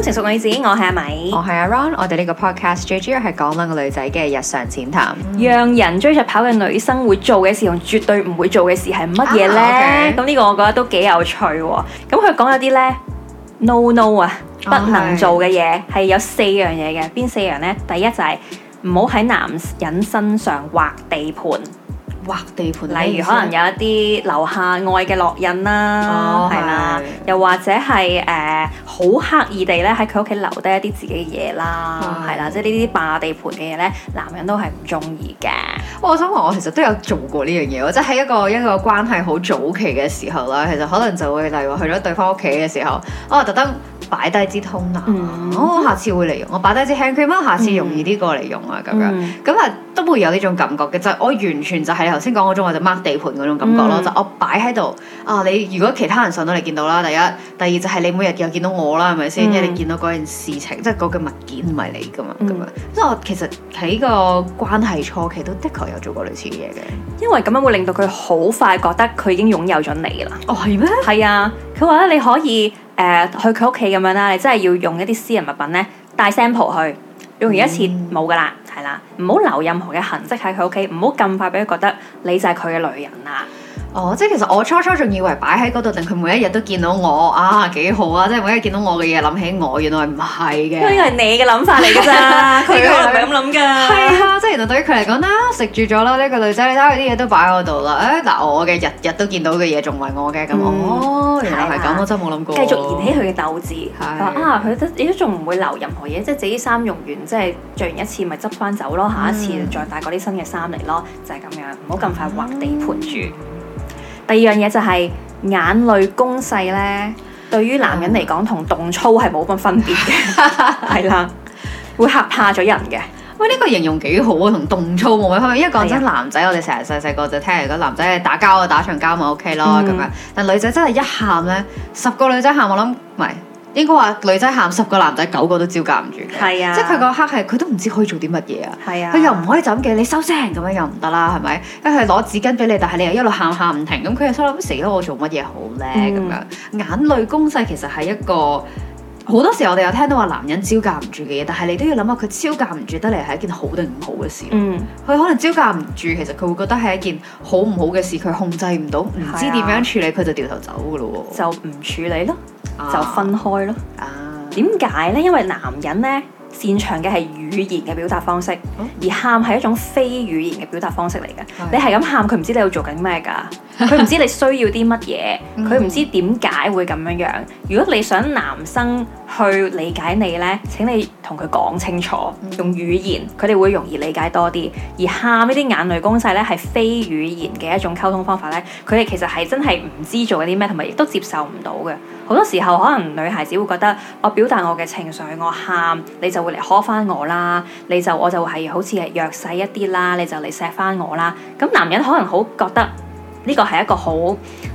三成淑女子，我係阿米，我係阿 Ron，我哋呢個 podcast 最主要係講兩個女仔嘅日常淺談，嗯、讓人追着跑嘅女生會做嘅事同絕對唔會做嘅事係乜嘢呢？咁呢、啊 okay. 個我覺得都幾有趣。咁佢講咗啲呢：「no no 啊、no,，oh, 不能做嘅嘢係有四樣嘢嘅，邊四樣呢？第一就係唔好喺男人身上劃地盤。劃地盤，例如可能有一啲留下愛嘅烙印啦，係啦的，又或者係誒好刻意地咧喺佢屋企留低一啲自己嘅嘢啦，係啦的，即係呢啲霸地盤嘅嘢咧，男人都係唔中意嘅。我想話，我其實都有做過呢樣嘢，即係喺一個一個關係好早期嘅時候啦，其實可能就會例如話去咗對方屋企嘅時候，哦、我特登，擺低支通拿，我、嗯哦、下次會嚟用。我擺低支 hand cream，下次容易啲過嚟用啊，咁、嗯、樣咁啊，都會有呢種感覺嘅。就是、我完全就係你頭先講嗰種，我就 mark、是、地盤嗰種感覺咯。嗯、就我擺喺度啊，你如果其他人上到嚟見到啦，第一，第二就係你每日又見到我啦，係咪先？因為、嗯、你見到嗰件事情，即係嗰個物件唔係你噶嘛，咁啊。即係、嗯、我其實喺個關係初期都的確有做過類似嘅嘢嘅，因為咁樣會令到佢好快覺得佢已經擁有咗你啦。哦，係咩？係啊，佢話咧，你可以。誒、呃，去佢屋企咁樣啦，你真係要用一啲私人物品咧，帶 sample 去，用完一次冇噶啦，係啦、嗯，唔好留任何嘅痕跡喺佢屋企，唔好咁快俾佢覺得你就係佢嘅女人啦。哦，oh, 即係其實我初初仲以為擺喺嗰度，定佢每一日都見到我啊，幾好啊！即係每一日見到我嘅嘢，諗起我，原來唔係嘅。呢個係你嘅諗法嚟嘅咋？佢 可能係咁諗噶。係 啊，即係原來對於佢嚟講啦，食住咗啦，呢、這個女仔你睇下佢啲嘢都擺喺度啦。誒、哎，嗱我嘅日日都見到嘅嘢，仲唔係我嘅咁。哦，原來係咁，嗯、我真係冇諗過。繼續燃起佢嘅鬥志是，啊，佢都亦都仲唔會留任何嘢，即係自己衫用完，即係着完一次咪執翻走咯，下一次再帶嗰啲新嘅衫嚟咯，嗯、就係咁樣，唔好咁快劃地盤住。第二樣嘢就係眼淚攻勢咧，對於男人嚟講同動粗係冇咁分別嘅，係啦， 會嚇怕咗人嘅。喂，呢個形容幾好啊，同動粗冇咩分別。因為講真，的男仔我哋成日細細個就聽人講男仔打交啊，打場交咪 OK 咯，咁樣、嗯。但女仔真係一喊咧，十個女仔喊我諗唔係。應該話女仔喊十個男仔九個都招架唔住嘅，係啊、即係佢嗰刻係佢都唔知可以做啲乜嘢啊。佢又唔可以就咁嘅，你收聲咁樣又唔得啦，係咪？因為佢攞紙巾俾你，但係你又一路喊喊唔停，咁佢又心諗死咗我做乜嘢好咧？咁、嗯、樣眼淚攻勢其實係一個好多時我哋有聽到話男人招架唔住嘅嘢，但係你都要諗下佢招架唔住得嚟係一件好定唔好嘅事。佢、嗯、可能招架唔住，其實佢會覺得係一件好唔好嘅事，佢控制唔到，唔知點樣處理，佢係、啊、就掉頭走噶咯，就唔處理咯。就分開咯。點解、啊啊、呢？因為男人呢，擅長嘅係語言嘅表達方式，嗯、而喊係一種非語言嘅表達方式嚟嘅。的你係咁喊，佢唔知你要做緊咩㗎？佢唔 知你需要啲乜嘢，佢唔 知點解會咁樣樣。嗯、如果你想男生，去理解你呢，請你同佢講清楚，嗯、用語言，佢哋會容易理解多啲。而喊呢啲眼淚攻勢呢，係非語言嘅一種溝通方法，呢佢哋其實係真係唔知做啲咩，同埋亦都接受唔到嘅。好多時候，可能女孩子會覺得我表達我嘅情緒，我喊你就會嚟呵返我啦，你就我就係好似係弱勢一啲啦，你就嚟錫返我啦。咁男人可能好覺得。呢個係一個好誒、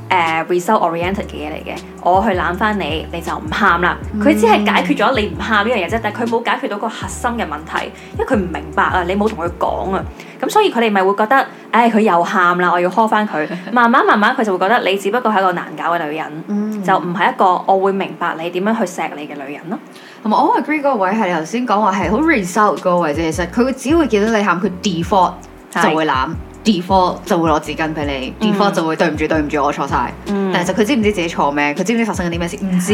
uh, result oriented 嘅嘢嚟嘅，我去攬翻你，你就唔喊啦。佢、嗯、只係解決咗你唔喊呢樣嘢啫，但係佢冇解決到個核心嘅問題，因為佢唔明白啊，你冇同佢講啊，咁所以佢哋咪會覺得，唉、哎，佢又喊啦，我要呵翻佢。 慢慢慢慢，佢就會覺得你只不過係一個難搞嘅女人，嗯、就唔係一個我會明白你點樣去錫你嘅女人咯。嗯嗯、同埋我好 agree 嗰位係你頭先講話係好 result 嗰位，即其實佢會只會見到你喊，佢 default 就會攬。default 就會攞紙巾俾你。default 就會對唔住，對唔住，我錯晒。但係就佢知唔知自己錯咩？佢知唔知發生緊啲咩事？唔知。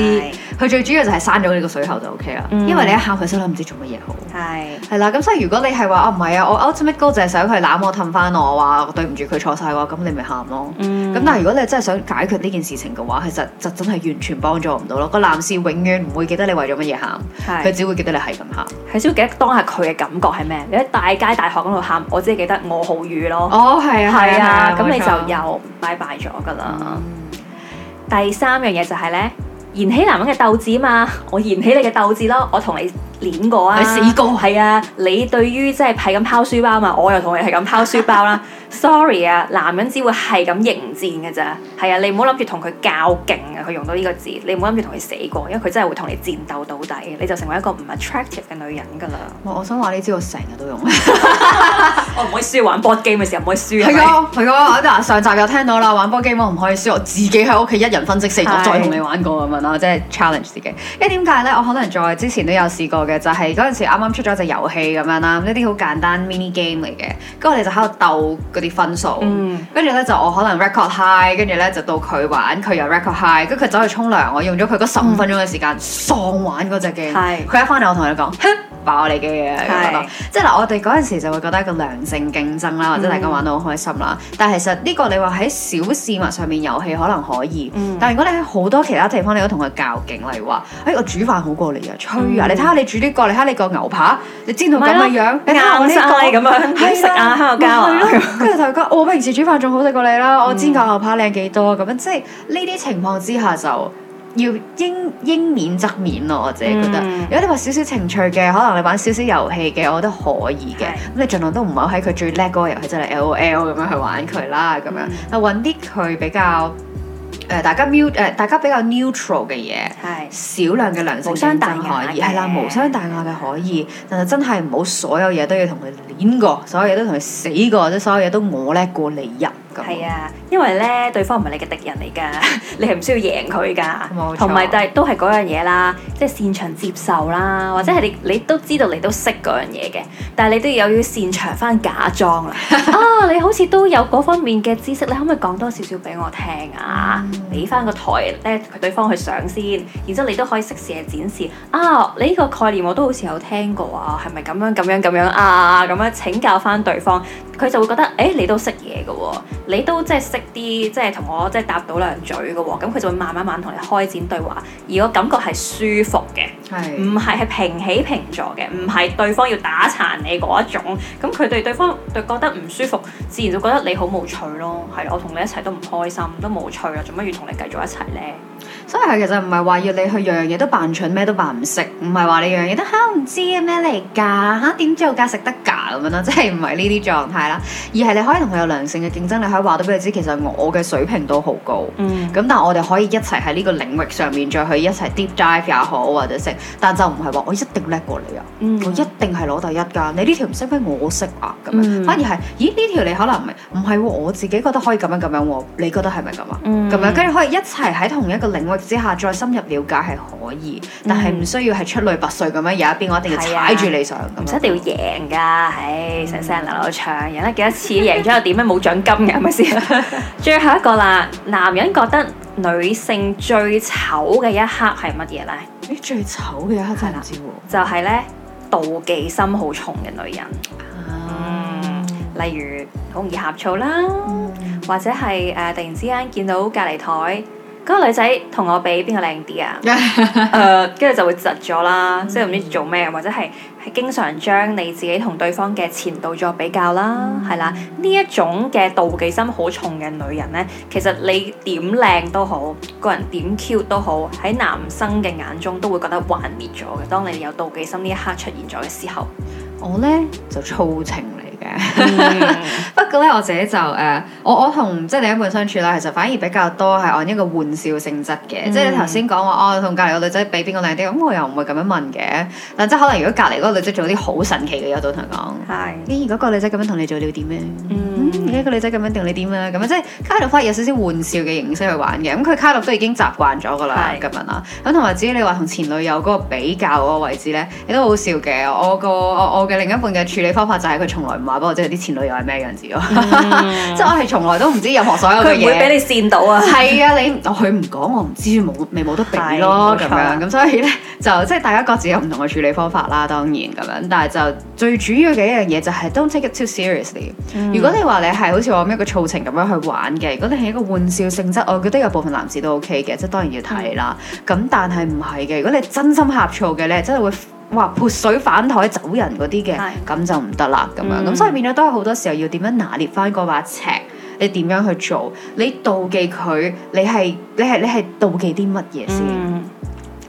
佢最主要就係閂咗你個水喉就 OK 啦，因為你一喊佢心諗唔知做乜嘢好。係係啦，咁所以如果你係話啊，唔係啊，我 ultimate goal 就係想佢攬我，氹翻我，話我對唔住佢錯晒嘅話，咁你咪喊咯。咁但係如果你真係想解決呢件事情嘅話，其實就真係完全幫助唔到咯。個男士永遠唔會記得你為咗乜嘢喊，佢只會記得你係咁喊，佢只會記得當下佢嘅感覺係咩？你喺大街大巷嗰度喊，我只係記得我好瘀咯。哦，係啊，係啊，咁你就又拜拜咗噶啦。嗯、第三樣嘢就係咧，燃起男人嘅鬥志嘛，我燃起你嘅鬥志咯，我同你碾過啊，你試過係啊，你對於即係係咁拋書包嘛，我又同你係咁拋書包啦。 Sorry 啊，男人只會係咁迎戰嘅咋，係啊，你唔好諗住同佢較勁啊，佢用到呢個字，你唔好諗住同佢死過，因為佢真係會同你戰鬥到底，你就成為一個唔 attractive 嘅女人㗎啦。我想話你知，我成日都用。 我唔可以輸，玩 board game 嘅時候唔可以輸啊。係㗎，係㗎。嗱 上集又聽到啦，玩 board game 我唔可以輸，我自己喺屋企一人分飾四角，的再同你玩過咁樣啦，即係 challenge 自己。因為點解呢？我可能在之前都有試過嘅，就係嗰陣時啱啱出咗隻遊戲咁樣啦，呢啲好簡單 mini game 嚟嘅，跟住我哋就喺度鬥。啲分數，跟住咧就我可能 record high，跟住咧就到佢玩，佢又 record high，跟住佢走去沖涼，我用咗佢嗰十五分鐘嘅時間喪、嗯、玩嗰隻 game，佢一翻嚟我同佢講。爆你嘅，嘢是，即係嗱，我哋嗰陣時就會覺得一個良性競爭啦，或者大家玩得好開心啦。嗯、但係其實呢個你話喺小事物上面遊戲可能可以，嗯、但係如果你喺好多其他地方你都同佢較勁，例如話，哎，我煮飯好過你啊，吹啊、嗯，這個，你睇下你煮啲過，你睇下你個牛扒，你煎到咁嘅樣，你睇下我呢、這個咁樣，你食啦啊，喺度交，跟住佢就講，我平時煮飯仲好食過你啦，我煎個牛扒靚幾多咁、嗯、樣，即係呢啲情況之下就。要應應免則免咯，我自己覺得。嗯、如果你話少少情趣嘅，可能你玩少少遊戲嘅，我覺得可以嘅。咁的你盡量都唔好喺佢最叻嗰個遊戲即係、就是、L O L 咁樣去玩佢啦。咁、嗯、樣啊，揾啲佢比較誒、呃、大家 mute 誒、呃、大家比較 neutral 嘅嘢，係少的量嘅良性競爭可以，係啦，無傷大雅嘅可以。的但係真係唔好所有嘢都要同佢碾過，所有嘢都同佢死過，即係所有嘢都，都我叻過你入。係啊，嗯、因為咧對方唔係你嘅敵人嚟噶，你係唔需要贏佢噶，同埋第都係嗰樣嘢啦，即、就、係、是、擅長接受啦，嗯、或者係你你都知道你都識嗰樣嘢嘅，但係你都有要擅長翻假裝啦。 啊，你好似都有嗰方面嘅知識，你可唔可以講多少少俾我聽啊？俾翻、嗯、個台咧，對方去上先，然之後你都可以適時嘅展示。啊，你呢個概念我都好似有聽過啊，係咪咁樣咁樣咁樣啊？咁樣請教翻對方，佢就會覺得誒、欸，你都識嘢嘅喎。你都即係識啲，即係同我即係搭到兩嘴嘅喎，咁佢就會慢慢慢同你開展對話，而個感覺係舒服嘅，唔係係平起平坐嘅，唔係對方要打殘你嗰一種。咁佢對對方就覺得唔舒服，自然就覺得你好冇趣咯。係，我同你一齊都唔開心，都冇趣啊，做乜要同你繼續一齊呢？所以係其實唔係話要你去樣樣嘢都扮蠢咩都扮唔識，唔係話你樣樣嘢都吓唔知啊，咩嚟噶？吓點做噶？食得噶？咁樣咯，即係唔係呢啲狀態啦。而係你可以同佢有良性嘅競爭，你可以話到俾佢知其實我嘅水平都好高，咁、嗯、但係我哋可以一齊喺呢個領域上面再去一齊 deep dive 也好或者識，但就唔係話我一定叻過你啊，嗯、我一定係攞第一噶。你呢條唔識咪我識啊咁樣，嗯、反而係咦呢條你可能唔係唔係我自己覺得可以咁樣咁樣喎，你覺得係咪咁啊？咁樣跟住、嗯、可以一齊喺同一個領域。之下再深入了解係可以，但係唔需要係出類拔萃咁樣。有一邊，我一定要踩住你上，唔使一定要贏噶。唉、哎，成世人流流長，贏得幾多次贏，贏咗又點樣，冇獎金嘅，係咪先？最後一個啦，男人覺得女性最醜嘅一刻係乜嘢咧？啲最醜嘅一刻，我唔知喎。就係呢，妒忌心好重嘅女人，呃嗯、例如好容易呷醋啦，mm. 或者係誒突然之間見到隔離台，嗰個女仔同我比邊個靚啲啊？跟住、 uh, 就會窒咗啦，嗯、即係唔知做咩，或者係係經常將你自己同對方嘅前度作比較啦，係啦、嗯，呢一種嘅妒忌心好重嘅女人呢，其實你點靚都好，個人點 cute 都好，喺男生嘅眼中都會覺得幻滅咗嘅。當你有妒忌心呢一刻出現咗嘅時候，我呢就操情你。 不過咧，我自己就誒，我我同即係另一半相處咧，其實反而比較多係按一個玩笑性質嘅， 即係你頭先講話，哦，同隔籬個女仔比邊個靚啲，咁我又唔會咁樣問嘅。但即係可能如果隔籬嗰的、欸、個女仔做啲好神奇嘅嘢，我同佢講，係咦，嗰個女仔咁樣同你做你啲咩？嗯，而家個女仔咁樣定你點咧？咁、嗯嗯、即係卡洛夫有少少玩笑嘅形式去玩嘅。咁佢卡洛都已經習慣咗噶啦，咁樣啦。咁同埋至於你話同前女友嗰個比較嗰個位置咧，亦都好笑嘅。我個我嘅另一半嘅處理方法就係佢從來唔話。即係啲前女友係咩樣子咯？嗯、 即係我係從來都唔知任何所有嘅嘢。佢會俾你扇到啊！係啊，你我佢唔講，我唔知冇未冇得比咯咁的樣。咁錯所以咧，就即係大家各自有唔同嘅處理方法啦。當然咁樣，但係就最主要嘅一樣嘢就係 Don't take it too seriously。嗯、如果你話你係好似我咁一個醋情咁樣去玩嘅，如果你係一個玩笑性質，我覺得有部分男士都 OK 嘅，即係當然要睇啦。咁、嗯、但係唔係嘅，如果你真心呷醋嘅咧，真係會。哇！潑水反台走人嗰啲嘅，咁是就唔得啦。咁樣，咁所以變咗都係好多時候要點樣拿捏翻嗰把尺？你點樣去做？你妒忌佢，你係你係你係妒忌啲乜嘢先？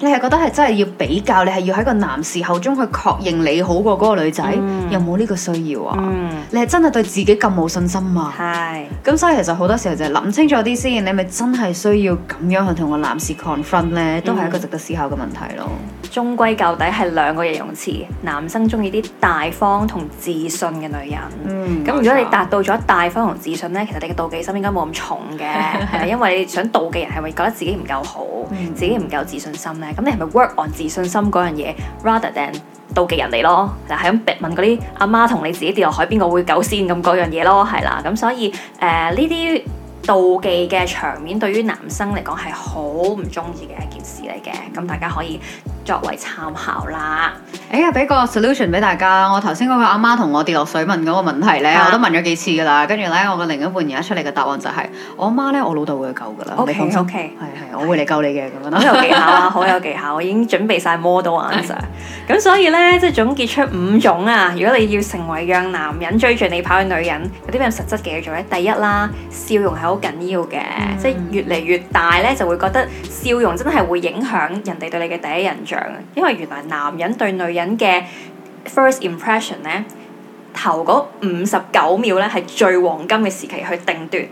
你係、嗯、覺得係真係要比較？你係要喺個男士口中去確認你好過嗰個女仔？嗯、有冇呢個需要啊？嗯、你係真係對自己咁冇信心啊？係是。咁所以其實好多時候就係諗清楚啲先，你咪真係需要咁樣去同個男士 confront 咧？都係一個值得思考嘅問題咯。終歸究底係兩個形容詞，男生中意啲大方同自信嘅女人。咁、嗯、如果你達到咗大方同自信呢，嗯、其實你嘅妒忌心應該冇咁重嘅，係 因為你想妒忌人係咪覺得自己唔夠好，嗯、自己唔夠自信心呢。咁你係咪 work on 自信心嗰樣嘢，rather than 妒忌人哋咯？嗱，係咁逼問嗰啲阿媽同你自己跌落海，邊個會狗先咁嗰樣嘢咯？係啦，咁所以誒呢啲妒忌嘅場面，對於男生嚟講係好唔中意嘅一件事嚟嘅。咁大家可以。作為參考啦，哎呀、欸，俾個 solution 俾大家。我頭先嗰個阿媽同我跌落水問嗰個問題咧，啊、我都問咗幾次噶啦。跟住咧，我個另一半而家出嚟嘅答案就係、是，我阿媽咧，我老豆會救噶啦。O K O K，我會嚟救你嘅咁樣啦。好有技巧啊！好有技巧， 我已經準備晒 model answer。咁是所以咧，即係總結出五種啊。如果你要成為讓男人追住你跑嘅女人，有啲咩實質嘅嘢做咧？第一啦，笑容係好緊要嘅，嗯、即係越嚟越大咧，就會覺得笑容真係會影響人哋對你嘅第一印象。因為原來男人對女人嘅 first impression 咧，頭嗰五十九秒咧係最黃金嘅時期去定奪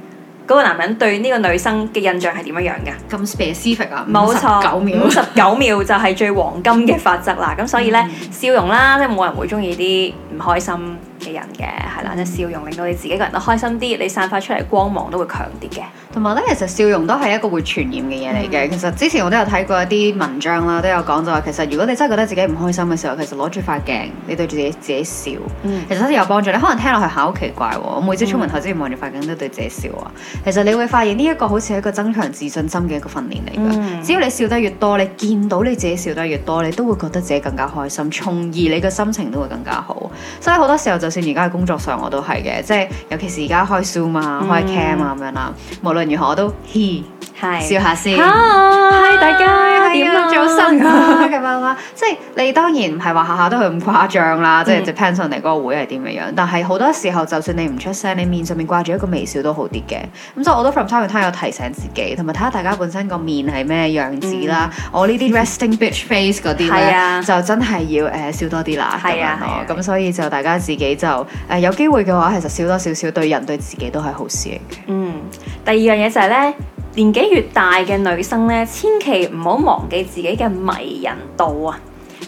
嗰個男人對呢個女生嘅印象係點樣樣嘅？咁 specific 啊？冇錯，九秒，五十九秒 就係最黃金嘅法則啦。咁所以咧，笑容啦，即係冇人會中意啲唔開心。人嘅係啦，隻笑容令到你自己個人都開心啲，你散發出嚟光芒都會強啲嘅。同埋咧，其實笑容都係一個會傳染嘅嘢嚟嘅。嗯、其實之前我都有睇過一啲文章啦，都有講就話其實如果你真係覺得自己唔開心嘅時候，其實攞住塊鏡，你對住自己自己笑，其實有幫助你。你、嗯、可能聽落去係好奇怪，嗯、我每朝出門口之前望住塊鏡都對自己笑啊。嗯、其實你會發現呢一個好似係一個增強自信心嘅一個訓練嚟㗎。嗯、只要你笑得越多，你見到你自己笑得越多，你都會覺得自己更加開心，從而你嘅心情都會更加好。所以好多時候就。而家喺工作上我都係嘅，即係尤其是而家開 zoom 啊、開 cam 啊咁樣啦。無論如何我都嘻係笑下先，hi 大家，點啊，早晨啊咁樣。即係你當然唔係話下下都係咁誇張啦，即係 depend 上你嗰個會係點嘅樣。但係好多時候，就算你唔出聲，你面上面掛住一個微笑都好啲嘅。咁所以我都 from time to time 有提醒自己，同埋睇下大家本身個面係咩樣子啦。我呢啲 resting bitch face 嗰啲咧，就真係要誒笑多啲啦。係啊，咁所以就大家自己。就誒、呃、有機會嘅話，其實少多少少對人對自己都係好事嚟嘅。嗯，第二樣嘢就係、是、咧，年紀越大嘅女生咧，千祈唔好忘記自己嘅迷人度啊！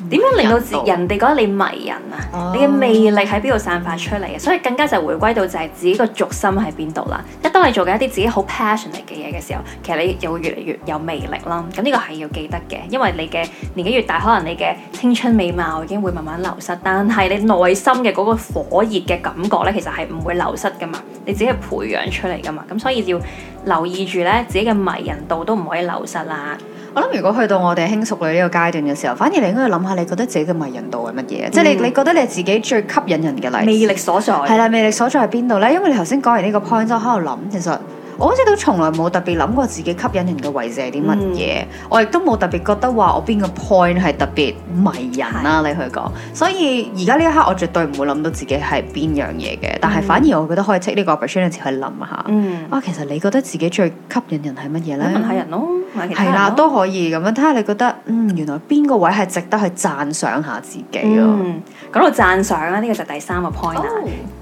點樣令到人哋覺得你迷人啊？Oh. 你嘅魅力喺邊度散發出嚟啊？所以更加就係回歸到就係自己個軸心喺邊度啦。一當你做緊一啲自己好 passionate 嚟嘅嘢嘅時候，其實你又會越嚟越有魅力啦。咁呢個係要記得嘅，因為你嘅年紀越大，可能你嘅青春美貌已經會慢慢流失，但係你內心嘅嗰個火熱嘅感覺呢，其實係唔會流失噶嘛。你自己係培養出嚟噶嘛，咁所以要留意住呢，自己嘅迷人度都唔可以流失啦。我諗如果去到我哋輕熟女呢個階段嘅時候，反而你應該要諗下，你覺得自己嘅迷人度係乜嘢？嗯，即係你，你覺得你自己最吸引人嘅嚟魅力所在係啦，魅力所在喺邊度呢？因為你頭先講完呢個 point，都喺度諗，其實。我好似都從來冇特別諗過自己吸引人嘅位置係啲乜嘢，我亦都冇特別覺得話我邊個 point 係特別迷人啦、啊。你去講，所以而家呢一刻我絕對唔會諗到自己係邊樣嘢嘅，但係反而我覺得可以 take 呢個 opportunity 去諗下。啊，其實你覺得自己最吸引人係乜嘢呢？吸引人咯，係啦，都可以咁樣睇下，看看你覺得嗯，原來邊個位係值得去讚賞下自己咯、啊？講到、嗯、讚賞啦，呢個就第三個 point 啦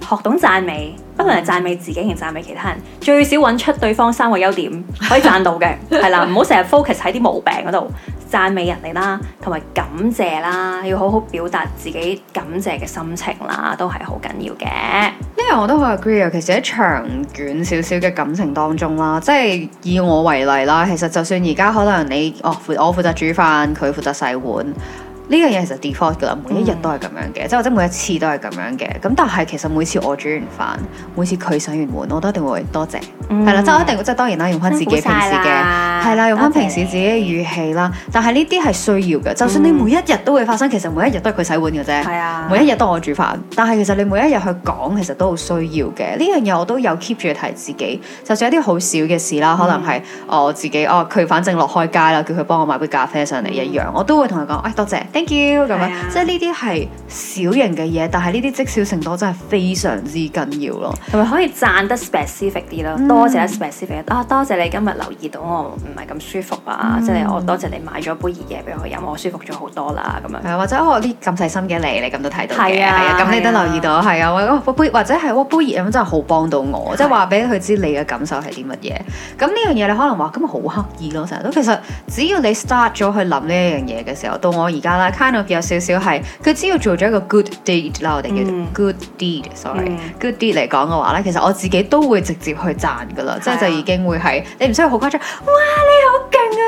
，oh. 學懂讚美。不能係讚美自己，而讚美其他人，最少揾出對方三個優點可以讚到嘅，係 啦，唔好成日 focus 喺啲毛病嗰度，讚美人哋啦，同埋感謝啦，要好好表達自己感謝嘅心情啦，都係好緊要嘅。呢樣我都好 agree 啊，其實喺長遠少少嘅感情當中啦，即係以我為例啦，其實就算而家可能你哦，我負責煮飯，佢負責洗碗。呢樣嘢其實 default 㗎啦，每一日都係咁樣嘅，即係、嗯、或者每一次都係咁樣嘅。咁但係其實每次我煮完飯，每次佢洗完碗，我都一定會多謝，謝，係啦、嗯，即係我一定即係當然啦，用返自己平時嘅。係啦，用返平時自己嘅語氣啦。但係呢啲係需要嘅，就算你每一日都會發生，其實每一日都係佢洗碗嘅啫。係啊，每一日都我煮飯。但係其實你每一日去講，其實都好需要嘅。呢樣嘢我都有 keep 住提自己，就算一啲好小嘅事啦，可能係我自己、嗯、哦，佢反正落開街啦，叫佢幫我買杯咖啡上嚟一樣，嗯、我都會同佢講，誒、哎、多謝,謝，thank you 咁樣。啊、即係呢啲係小型嘅嘢，但係呢啲積少成多，真係非常之緊要咯。係咪可以讚得 specific 啲啦？嗯、多謝 specific 啊、oh,！多謝你今日留意到我。唔係咁舒服啊！即係我多謝你買咗杯熱嘢俾我飲，我舒服咗好多啦咁樣。係或者我啲咁細心嘅你，你咁都睇到嘅。係啊，咁你都留意到係啊，或杯，或者係我杯熱飲真係好幫到我，即係話俾佢知你嘅感受係啲乜嘢。咁呢樣嘢你可能話咁好刻意咯，成日都其實只要你 start 咗去諗呢一樣嘢嘅時候，到我而家啦，kind of 有少少係佢只要做咗一個 good deed 啦，我哋叫做 good deed，sorry，good deed 嚟講嘅話咧，其實我自己都會直接去讚噶啦，即係就已經會係你唔需要好誇張哇。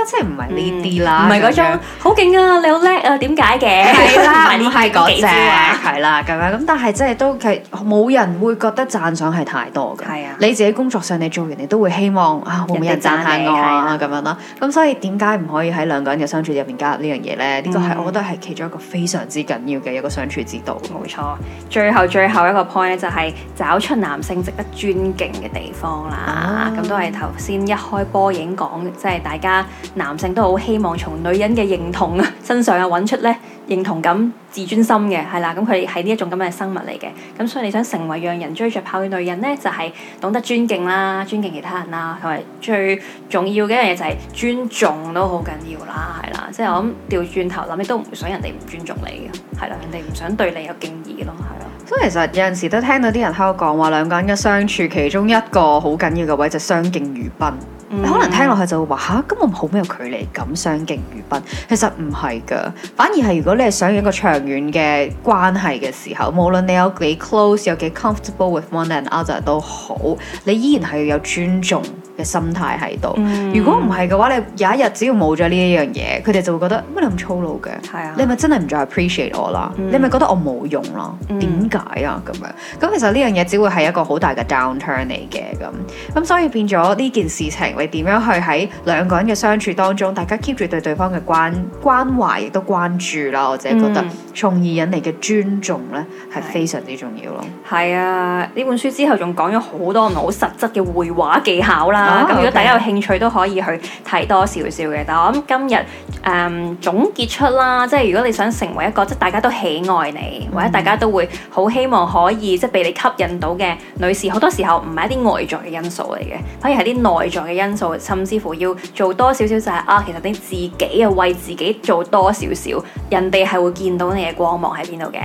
即係唔係呢啲啦，唔係嗰種樣好勁啊，你好叻啊，點解嘅？係啦，係嗰 啊！係啦，咁樣咁。但係即係都佢冇人會覺得讚賞係太多㗎。係啊，你自己工作上你做完，你都會希望啊，冇人讚下我咁、啊啊、樣啦。咁所以點解唔可以喺兩個人嘅相處入邊加入呢樣嘢咧？呢、這個係我覺得係其中一個非常之緊要嘅一個相處之道。冇錯、嗯，最後最後一個 point 咧就係找出男性值得尊敬嘅地方啦。咁、啊、都係頭先一開波已經講，即係大家。男性都好希望從女人嘅認同啊身上啊揾出咧認同感、自尊心嘅，係啦。咁佢係呢一種咁嘅生物嚟嘅。咁所以你想成為讓人追着跑嘅女人呢，就係懂得尊敬啦，尊敬其他人啦，同埋最重要嘅一樣嘢就係尊重都好緊要啦，係啦。即係我諗掉轉頭諗，你都唔想人哋唔尊重你嘅，係啦，人哋唔想對你有敬意咯，係啦。所以其實有陣時都聽到啲人喺度講話，兩個人嘅相處，其中一個好緊要嘅位就相敬如賓。你可能聽落去就會話嚇，根本冇咩距離感，咁相敬如賓。其實唔係㗎，反而係如果你係想要一個長遠嘅關係嘅時候，無論你有幾 close，有幾 comfortable with one another d 都好，你依然係要有尊重嘅心態喺度。嗯、如果唔係嘅話，你有一日只要冇咗呢一樣嘢，佢哋就會覺得乜你咁粗魯嘅？係啊，你咪真係唔再 appreciate 我啦？嗯、你咪覺得我冇用咯，點解啊？咁樣，咁其實呢樣嘢只會係一個好大嘅 downturn 嚟嘅咁。咁所以變咗呢件事情，你點樣去喺兩個人嘅相處當中，大家 keep 住對對方嘅關關懷亦都關注啦。或者覺得從而引嚟嘅尊重咧，係非常之重要咯。係、嗯、啊，呢本書之後仲講咗好多好實質嘅會話技巧啦。咁如果大家有興趣都可以去睇多少少嘅，但係我諗今日。誒、um, 總結出啦，即係如果你想成為一個即係大家都喜愛你，或者大家都會好希望可以即係被你吸引到嘅女士，好多時候唔係一啲外在嘅因素嚟嘅，反而係啲內在嘅因素，甚至乎要做多少少就係、是、啊，其實你自己啊為自己做多少少，人哋係會見到你嘅光芒喺邊度嘅。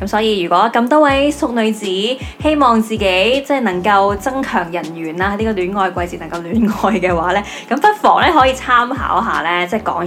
咁所以如果咁多位淑女子希望自己即係能夠增強人緣啦，呢、這個戀愛季節能夠戀愛嘅話呢，咁不妨咧可以參考下呢，即係講。